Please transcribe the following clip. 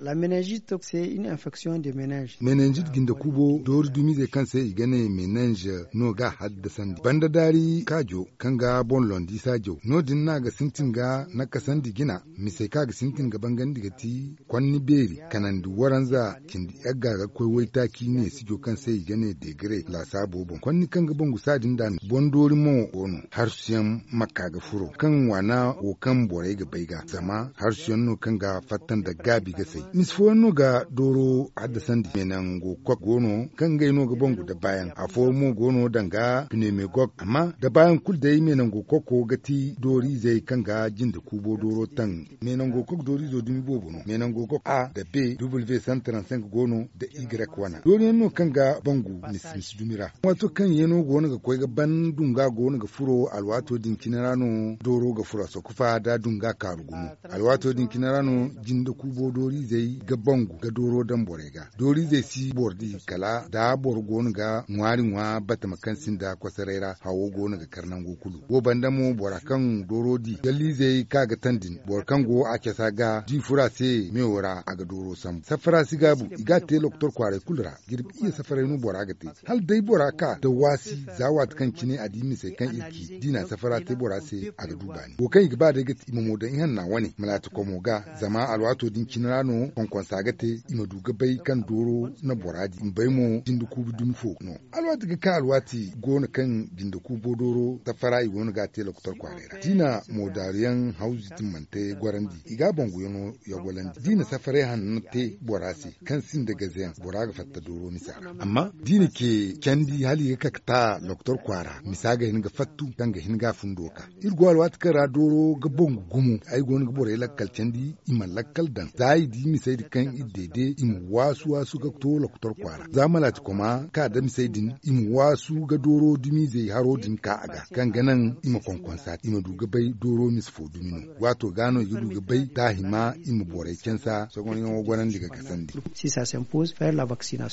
La meningite c'est une infection de ménage. Meningite ginda kubo dor dumi de kan sai igane meninge no ga haddasan banda dari kajo kan ga bon londi sajo no din na ga sintin ga na kasan digina mi sai ka ga sintin ga bangan diga kwanni beri kanan du waranza kin di yagga ga koi wai taki ne sijo kan sai de gre, la sabo bon kwanni kan bon gusa din dan bon dori mo ono har makka ga furo kan wana o kan bore ga baiga zama har no kan da gabi ga sai misfuwanno ga doro haddasan da menan gokok gono kan gaino ga bangu da bayan a fomo gono danga pine me gok amma da bayan kul da yi menan gokok ko gati dori zai kan ga jin da kubo doro tan menan gokok dori zo dumi bobono menan gokok a da b w 135 gono da y wana dori yanno kan ga bangu mis mis dumira wato kan yeno gono ga koi ga ban dunga gono ga furo alwato din kinarano doro ga so kufa da dunga gono. alwato din kinarano jin da kubo dori zai dai ga bangu ga doro dan bore ga dori zai si bordi kala da bor ga ngwari ngwa bata sin da kwasarera hawo gona ga karnan gokulu wo banda mu borakan doro di galli zai kaga tandin borkan go kesa ga di fura se a ga doro sam safara sigabu iga te loktor kware kulra girbi iya safara nu bora ga te hal dai boraka da wasi zawat kan kine adimi sai kan irki dina safara te bora se aga dubani wo kan igba da ga imamo da ihan na wani malata ga zama alwato din kinrano kon sagate ima duga bai kan doro na boraji in bai mo jinduku dum fo no alwati ga ka gona kan jinduku bodoro ta fara i ga tela kutar kwarera dina modariyan hauzi timmante gwarandi iga bangu yono ya gwalandi dina safare han te borasi kan sin daga zayan boraga fatta doro misara amma dina ke kandi hali ka ta doktor kwara misaga hin ga fattu kan ga hin ga fundoka irgo alwati ka doro ga bongu gumu ai gona ga bore lakkal candi iman lakkal dan zai misaydi kan idede im wasu wasu ga tola kutar kwara ta kuma ka da misaydin im wasu ga doro dumi zai haro din ka aga kan ganan ima konkonsa ima duga bai doro mis fo dumino wato gano yi duga bai dahima ima borai kensa sakon yan gwanan daga kasandi si ça s'impose faire la vaccination